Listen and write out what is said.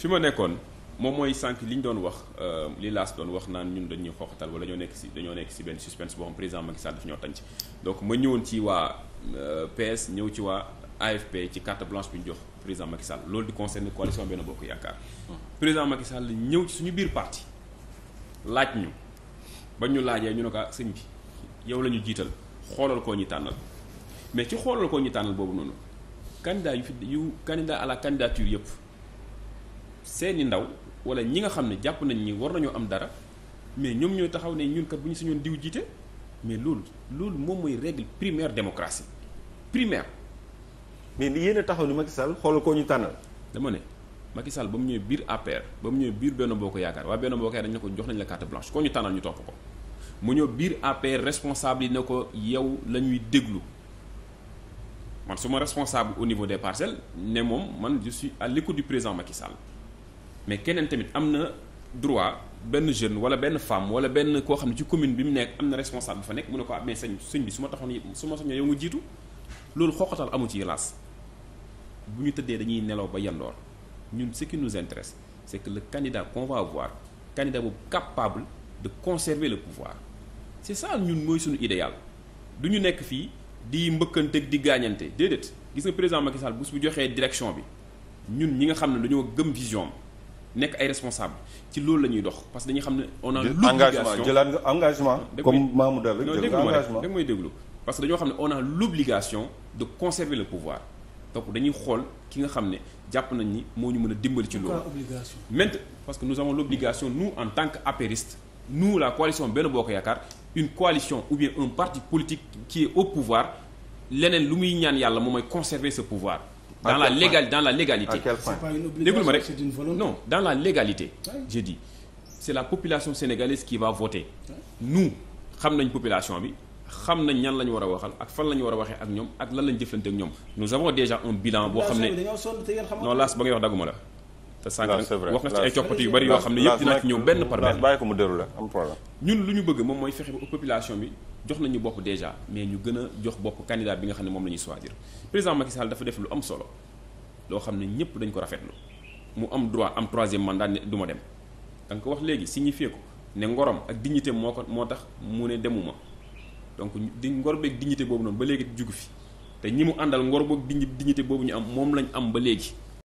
fi ma nekkoon moom mooy sànq li ñu doon wax euh, li laas doon wax naan ñun dañuy xooxatal wala dañoo nekk si dañoo nekk si benn suspense boo xam président Macky Sall daf ñoo tànc donc ma ñëwoon ci waa euh, PS ñëw ci waa AFP ci carte blanche bi ñu jox président Macky loolu di concerne coalition Benno Bokk Yaakaar président Macky Sall ñëw ci suñu biir parti laaj ñu ba ñu laajee ñu ne ko ah, sëñ bi yow la ñu jiital xoolal koo ñu tànnal mais ci xoolal koo ñu tànnal boobu noonu candidat yu fi à la candidature yëpp seeni ndaw wala ñi nga xam ne jàpp nañ ñi war nañoo am dara mais ñoom ñooy taxaw ne ñun kat bu ñu sañoon diw jiite mais loolu loolu moom mooy règle primaire démocratie primère mais yéen a taxaw ni Macky Sall xoolal koo ñu tànnal. dama ne Macky Sall ba mu ñëwee biir APR ba mu ñëwee biir Benno Bokk Yaakaar waa Benno Bokk Yaakaar dañu ne ko jox nañ la carte blanche koo ñu tànnal ñu topp ko mu ñëw biir APR responsable yi ne ko yow lañuy déglu man suma responsable au niveau des parcelles ne moom man je à l'écoute du président Macky mais keneen tamit am na droit benn jeune wala benn femme wala benn koo xam ne ci commune bi mu nekk am na responsable bu fa nekk mu ne ko ah mais sëñ sëñ bi su ma taxoon su ma soññee yow nga jiitu loolu xoqatal amu ci laas bu ñu tëddee dañuy nelaw ba yandoor ñun ce qui nous intéresse c'est que le candidat qu'on va avoir candidat boobu capable de conserver le pouvoir c'est ça ñun mooy suñu idéal du ñu nekk fii di mbëkkanteeg di gaañante déedéet gis nga président Macky Sall bu joxee direction bi ñun ñi nga xam ne dañoo gëm vision nekk ay responsable ci loolu la ñuy dox parce que dañuy xam ne on l'obligation nga engagement comme Mamoudou Dal rek mooy déglu parce que dañoo xam ne on a l'obligation de conserver le pouvoir donc dañuy xool ki nga xam ne jàpp nañ ni moo ñu mën a dimbali ci loolu maintenant parce que nous avons l'obligation nous en tant que apéristes nous la coalition Benno Bokk Yaakaar une coalition ou bien un parti politique qui est au pouvoir leneen lu muy ñaan yàlla moom mooy conserver ce pouvoir dans la légal dans la légalité. à quel point déglu rek non dans la légalité. j'ai c'est la population sénégalaise qui va voter. nu xam nañ population bi xam nañ ñan la ñu war a waxal ak fan la ñu war a waxee ak ñoom ak lan la ñu jëflante ak ñoom nous avons déjà un bilan boo xam ne non laas ba ngay wax dagguma la. te sànq wax nga ci ay coppati yu bari yoo xam ne yëpp dinaa ci ñëw benn par benn am problème ñun lu ñu bëgg moom mooy fexe ba bi jox nañu bopp déjà mais ñu gën a jox bopp candidat bi nga xam ne moom la ñuy choisir président Macky Sall dafa def lu am solo loo xam ne ñëpp dañ ko rafetlu mu am droit am troisième mandat du ma dem danga ko wax léegi signifié ko ne ngorom ak dignité moo ko moo tax mu ne demuma donc di ngor beeg dignité boobu noonu ba léegi jugu fi te ñi mu àndal ngor boog dignité boobu ñu am moom lañ am ba léegi